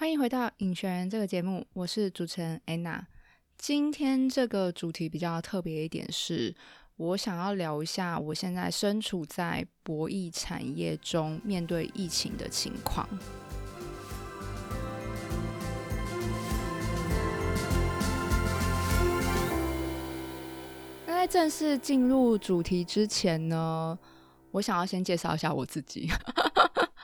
歡迎回到《癮學人》這個節目，我是主持人 Anna。今天這個主題比較特別一點，是我想要聊一下我現在身處在博弈產業中面對疫情的情況。那在正式進入主題之前呢，我想要先介紹一下我自己。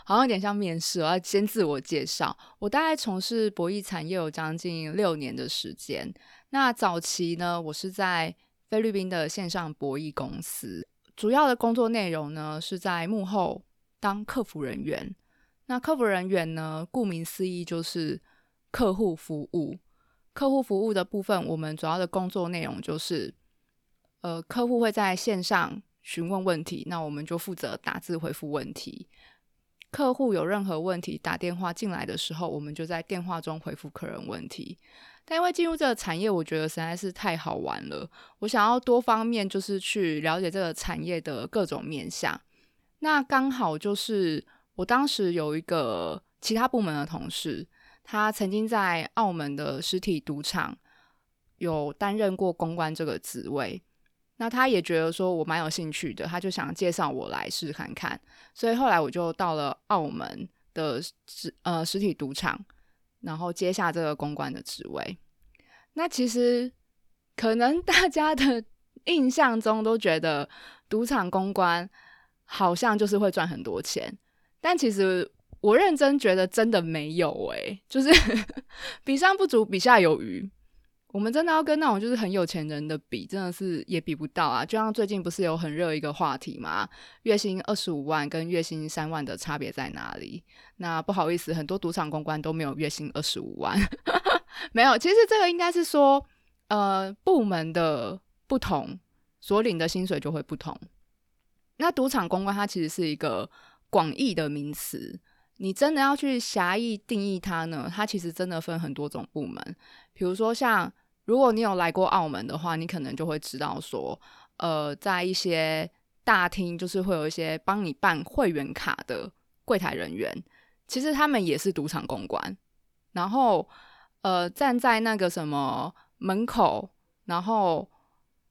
好像有點像面試，我要先自我介紹。我大概從事博弈產業有將近六年的時間。那早期呢，我是在菲律賓的線上博弈公司，主要的工作內容呢是在幕後當客服人員。那客服人員呢，顧名思義就是客戶服務。客戶服務的部分，我們主要的工作內容就是，呃，客戶會在線上詢問問題，那我們就負責打字回復問題。客戶有任何問題，打電話進來的時候，我們就在電話中回復客人問題。但因為進入這個產業，我覺得實在是太好玩了。我想要多方面就是去了解這個產業的各種面向。那剛好就是我當時有一個其他部門的同事，他曾經在澳門的實體賭場有擔任過公關這個職位。那他也覺得說我蠻有興趣的，他就想介紹我來試試看看，所以後來我就到了澳門的實呃實體賭場，然後接下這個公關的職位。那其實可能大家的印象中都覺得賭場公關好像就是會賺很多錢，但其實我認真覺得真的沒有誒，就是 比上不足，比下有餘。我們真的要跟那種就是很有錢人的比，真的是也比不到啊！就像最近不是有很熱一個話題嘛？月薪二十五萬跟月薪三萬的差別在哪裡？那不好意思，很多賭場公關都沒有月薪二十五萬， 沒有。其實這個應該是說，呃，部門的不同所領的薪水就會不同。那賭場公關它其實是一個廣義的名詞，你真的要去狹義定義它呢？它其實真的分很多種部門，譬如說像。如果你有來過澳門的話，你可能就會知道說，呃，在一些大廳，就是會有一些幫你辦會員卡的櫃檯人員，其實他們也是賭場公關。然後，呃，站在那個什麼門口，然後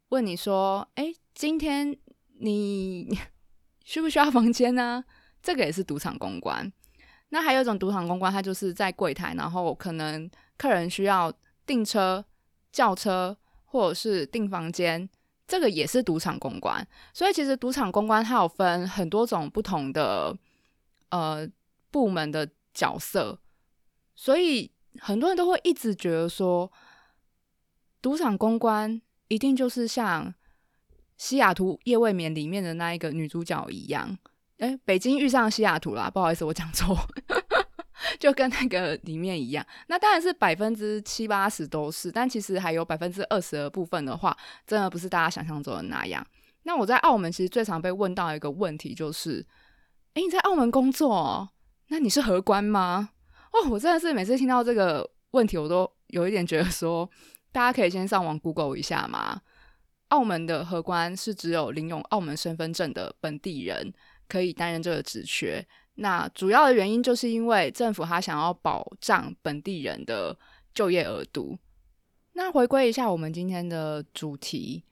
問你說：“哎，今天你需不需要房間呢？”這個也是賭場公關。那還有一種賭場公關，他就是在櫃檯，然後可能客人需要訂車。叫車或者是訂房間，這個也是賭場公關。所以其實賭場公關它，有分很多種不同的呃，部門的角色，所以很多人都會一直覺得說，賭場公關一定就是像西雅圖夜未眠裡面的那一個女主角一樣。哎，北京遇上西雅圖啦，不好意思，我講錯。 就跟那個裡面一樣，那當然是百分之七八十都是，但其實還有百分之二十的部分的話，真的不是大家想象中的那樣。那我在澳門其實最常被問到一個問題就是：誒、欸，你在澳門工作、哦，那你是荷官嗎？哦，我真的是每次聽到這個問題，我都有一點覺得說，大家可以先上網 Google 一下嘛。澳門的荷官是只有領用澳門身份證的本地人可以擔任這個職缺。那主要的原因就是因為政府他想要保障本地人的就業額度，那回歸一下我們今天的主題，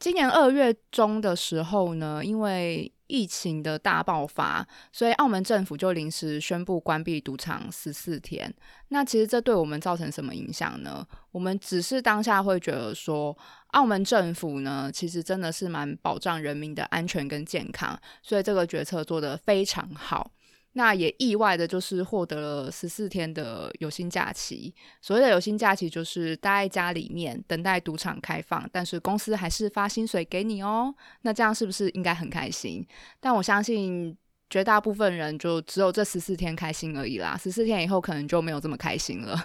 今年二月中的時候呢，因為。疫情的大爆發，所以澳門政府就臨時宣布關閉賭場十四天。那其實這對我們造成什麼影響呢？我們只是當下會覺得說，澳門政府呢，其實真的是蠻保障人民的安全跟健康，所以這個決策做得非常好。那也意外的就是獲得了十四天的有薪假期。所謂的有薪假期就是待在家裡面等待賭場開放，但是公司還是發薪水給你哦、喔。那這樣是不是應該很開心？但我相信絕大部分人就只有這十四天開心而已啦。十四天以後可能就沒有這麼開心了。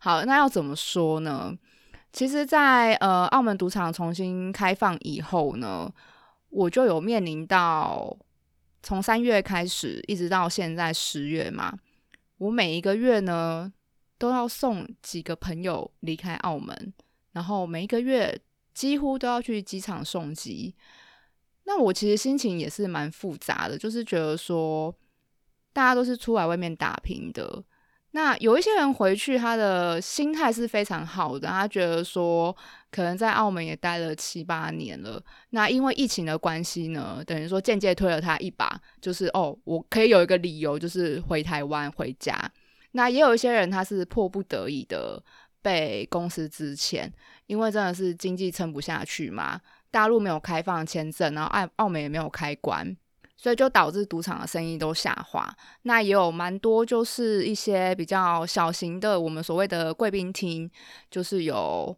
好，那要怎麼說呢？其實在，在呃澳門賭場重新開放以後呢，我就有面臨到。從三月開始，一直到現在十月嘛，我每一個月呢，都要送幾個朋友離開澳門，然後每一個月幾乎都要去機場送機。那我其實心情也是蠻複雜的，就是覺得說，大家都是出來外面打拼的。那有一些人回去，他的心態是非常好的，他覺得說，可能在澳門也待了七八年了，那因為疫情的關係呢，等於說，間接推了他一把，就是哦，我可以有一個理由，就是回台灣回家。那也有一些人他是迫不得已的，被公司資遣，因為真的是經濟撐不下去嘛，大陸沒有開放簽證，然後澳澳門也沒有開關。所以就導致賭場的生意都下滑，那也有蠻多就是一些比較小型的，我們所謂的貴賓廳，就是有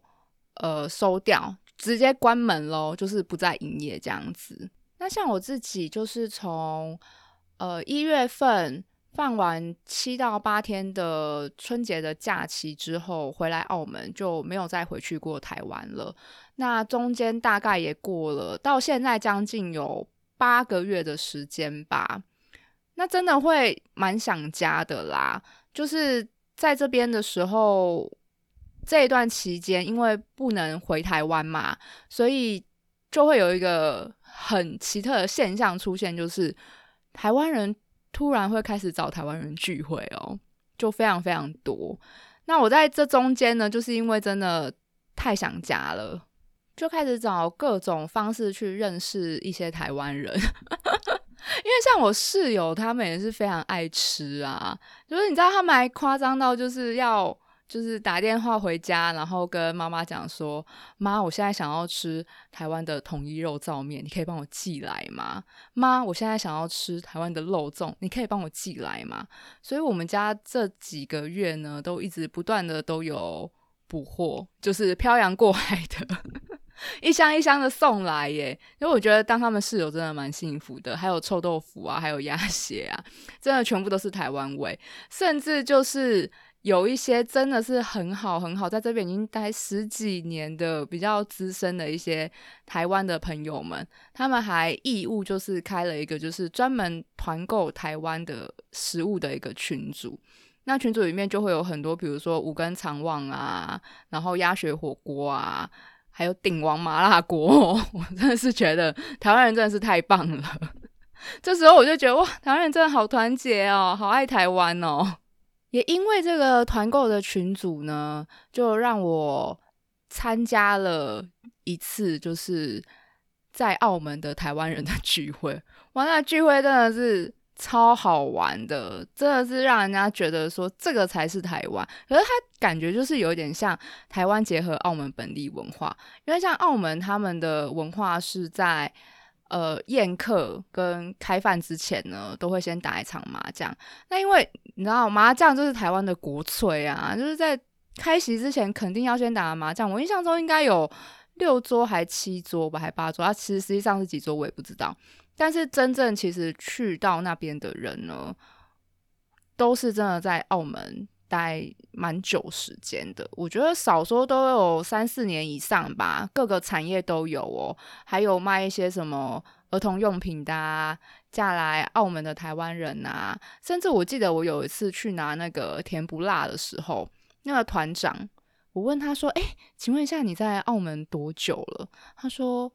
呃收掉，直接關門嘍，就是不再營業這樣子。那像我自己就是從呃一月份放完七到八天的春節的假期之後，回來澳門就沒有再回去過台灣了。那中間大概也過了，到現在將近有。八個月的時間吧，那真的會蠻想家的啦。就是在這邊的時候，這一段期間，因為不能回台灣嘛，所以就會有一個很奇特的現象出現，就是台灣人突然會開始找台灣人聚會哦，就非常非常多。那我在這中間呢，就是因為真的太想家了。就開始找各種方式去認識一些台灣人， 因為像我室友他們也是非常愛吃啊，就是你知道他們還誇張到就是要就是打電話回家，然後跟媽媽講說：“媽，我現在想要吃台灣的統一肉燥麵，你可以幫我寄來嗎？”“媽，我現在想要吃台灣的肉粽，你可以幫我寄來嗎？”所以，我們家這幾個月呢，都一直不斷的都有。補貨就是漂洋過海的一箱一箱的送來耶，因為我覺得當他們室友真的蠻幸福的，還有臭豆腐啊，還有鴨血啊，真的全部都是台灣味，甚至就是有一些真的是很好很好，在這邊已經待十幾年的比較資深的一些台灣的朋友們，他們還義務就是開了一個就是專門團購台灣的食物的一個群組。那群組裡面就會有很多，比如說五更腸旺啊，然後鴨血火鍋啊，還有鼎王麻辣鍋。 我真的是覺得台灣人真的是太棒了。 這時候我就覺得哇，台灣人真的好團結哦，好愛台灣哦。 也因為這個團購的群組呢，就讓我參加了一次，就是在澳門的台灣人的聚會。哇，那聚會真的是。超好玩的，真的是讓人家覺得說這個才是台灣。可是他感覺就是有點像台灣結合澳門本地文化，因為像澳門他們的文化是在呃宴客跟開飯之前呢，都會先打一場麻將。那因為你知道麻將就是台灣的國粹啊，就是在開席之前肯定要先打麻將。我印象中應該有六桌還七桌吧，還八桌啊，其實實際上是幾桌我也不知道。但是真正其實去到那邊的人呢，都是真的在澳門待蠻久時間的。我覺得少說都有三四年以上吧，各個產業都有哦，還有賣一些什麼兒童用品的啊，嫁來澳門的台灣人啊，甚至我記得我有一次去拿那個甜不辣的時候，那個團長，我問他說：“哎，請問一下你在澳門多久了？”他說：“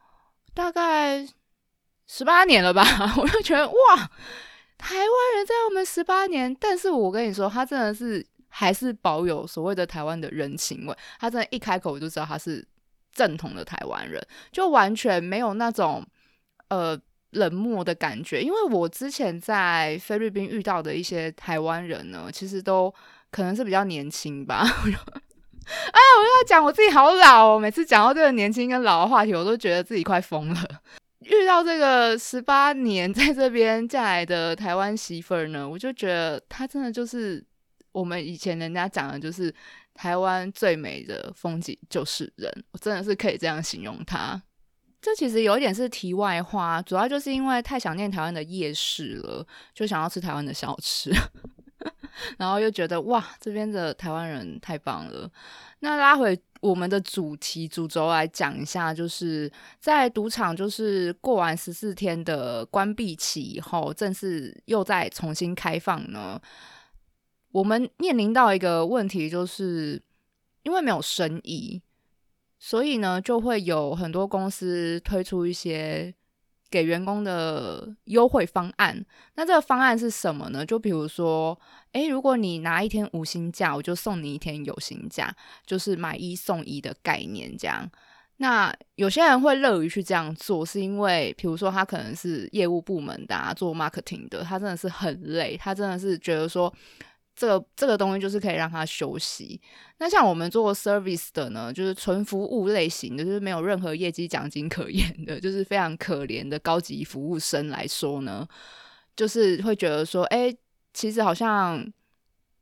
大概。”十八年了吧，我就覺得哇，台灣人在澳門十八年。但是我跟你說，他真的是還是保有所謂的台灣的人情味，他真的一開口我就知道他是正統的台灣人，就完全沒有那種呃冷漠的感覺。因為我之前在菲律賓遇到的一些台灣人呢，其實都可能是比較年輕吧。我就哎，我又要講我自己好老哦，每次講到這個年輕跟老的話題，我都覺得自己快瘋了。遇到這個十八年在這邊嫁來的台灣媳婦兒呢，我就覺得她真的就是我們以前人家講的，就是台灣最美的風景就是人，我真的是可以這樣形容她。這其實有一點是題外話，主要就是因為太想念台灣的夜市了，就想要吃台灣的小吃， 然後又覺得哇，這邊的台灣人太棒了。那拉回。我們的主題主軸來講一下，就是在賭場，就是過完十四天的關閉期以後，正式又再重新開放呢。我們面臨到一個問題，就是因為沒有生意，所以呢，就會有很多公司推出一些。給員工的優惠方案，那這個方案是什麼呢？就比如說，誒、欸，如果你拿一天無薪假，我就送你一天有薪假，就是買一送一的概念這樣。那有些人會樂於去這樣做，是因為比如說他可能是業務部門的，啊，做 marketing 的，他真的是很累，他真的是覺得說這個這個東西就是可以讓他休息。那像我們做 service 的呢，就是純服務類型的，就是沒有任何業績獎金可言的，就是非常可憐的高級服務生來說呢，就是會覺得說，誒，其實好像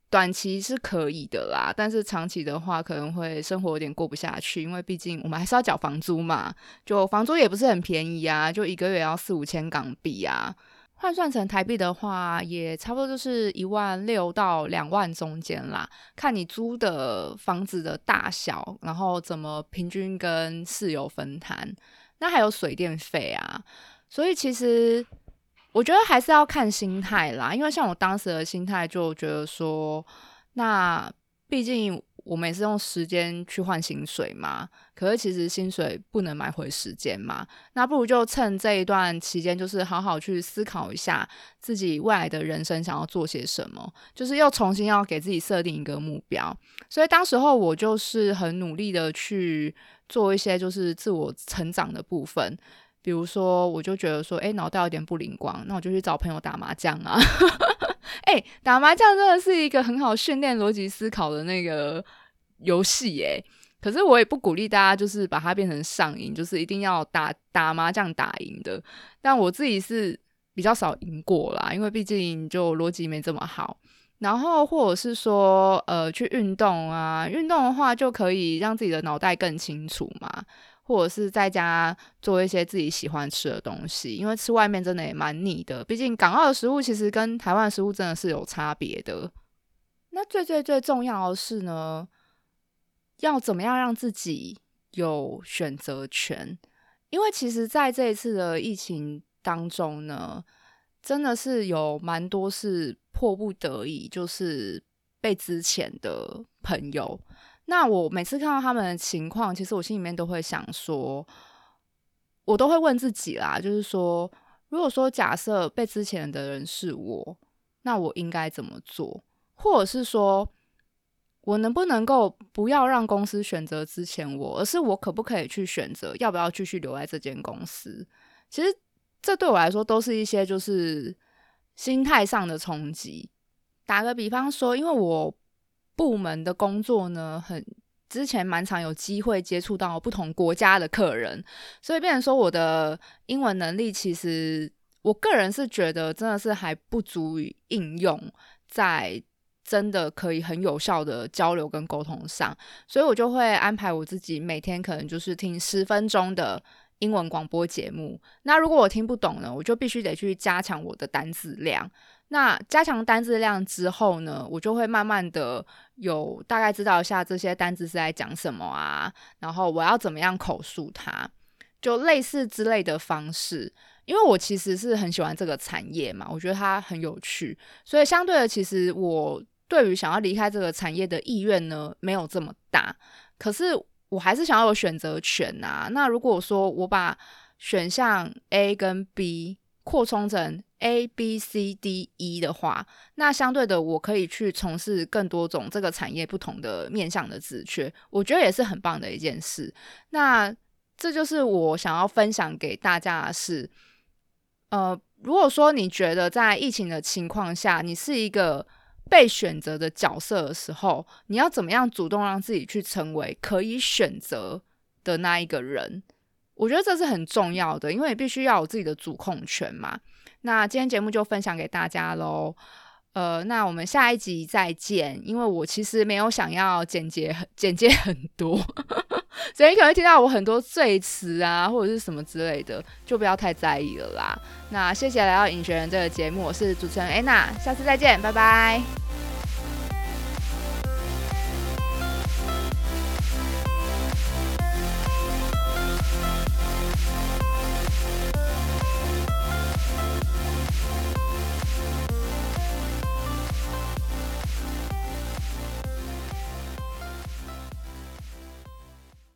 短期是可以的啦，但是長期的話可能會生活有點過不下去，因為畢竟我們還是要繳房租嘛，就房租也不是很便宜啊，就一個月要四五千港幣啊。換算成台幣的話，也差不多就是一萬六到兩萬中間啦，看你租的房子的大小，然後怎麼平均跟室友分攤，那還有水電費啊，所以其實我覺得還是要看心態啦，因為像我當時的心態就覺得說，那畢竟。我每次用時間去換薪水嘛，可是其實薪水不能買回時間嘛，那不如就趁這一段期間，就是好好去思考一下自己未來的人生想要做些什麼，就是又重新要給自己設定一個目標。所以當時候我就是很努力的去做一些就是自我成長的部分，比如說我就覺得說，誒、欸，腦袋有點不靈光，那我就去找朋友打麻將啊。 哎、欸，打麻將真的是一個很好訓練邏輯思考的那個遊戲耶。可是我也不鼓勵大家，就是把它變成上癮，就是一定要打打麻將打贏的。但我自己是比較少贏過啦，因為畢竟就邏輯沒這麼好。然後或者是說，呃，去運動啊，運動的話就可以讓自己的腦袋更清楚嘛。或者是在家做一些自己喜歡吃的東西，因為吃外面真的也蠻膩的。畢竟港澳的食物其實跟台灣食物真的是有差別的。那最最最重要的是呢，要怎麼樣讓自己有選擇權？因為其實在這一次的疫情當中呢，真的是有蠻多是迫不得已，就是被之前的朋友。那我每次看到他們的情況，其實我心裡面都會想說，我都會問自己啦，就是說，如果說假設被之前的人是我，那我應該怎麼做？或者是說我能不能夠不要讓公司選擇之前我，而是我可不可以去選擇要不要繼續留在這間公司？其實這對我來說都是一些就是心態上的衝擊。打個比方說，因為我。部門的工作呢，很之前蠻常有機會接觸到不同國家的客人，所以變成說我的英文能力，其實我個人是覺得真的是還不足以應用在真的可以很有效的交流跟溝通上，所以我就會安排我自己每天可能就是聽十分鐘的英文廣播節目。那如果我聽不懂呢，我就必須得去加強我的單字量。那加強單字量之後呢，我就會慢慢的。有大概知道一下這些單子是在講什麼啊，然後我要怎麼樣口述它，就類似之類的方式。因為我其實是很喜歡這個產業嘛，我覺得它很有趣，所以相對的，其實我對於想要離開這個產業的意願呢，沒有這麼大。可是我還是想要有選擇權啊。那如果說我把選項 A 跟 B。擴充成 A B C D E 的話，那相對的，我可以去從事更多種這個產業不同的面向的職缺，我覺得也是很棒的一件事。那這就是我想要分享給大家的是，呃，如果說你覺得在疫情的情況下，你是一個被選擇的角色的時候，你要怎麼樣主動讓自己去成為可以選擇的那一個人？我覺得這是很重要的，因為必須要有自己的主控權嘛。那今天節目就分享給大家嘍。呃，那我們下一集再見，因為我其實沒有想要剪接，剪接很多， 所以你可能會聽到我很多贅詞啊，或者是什麼之類的，就不要太在意了啦。那謝謝來到癮學人這個節目，我是主持人安娜，下次再見，拜拜。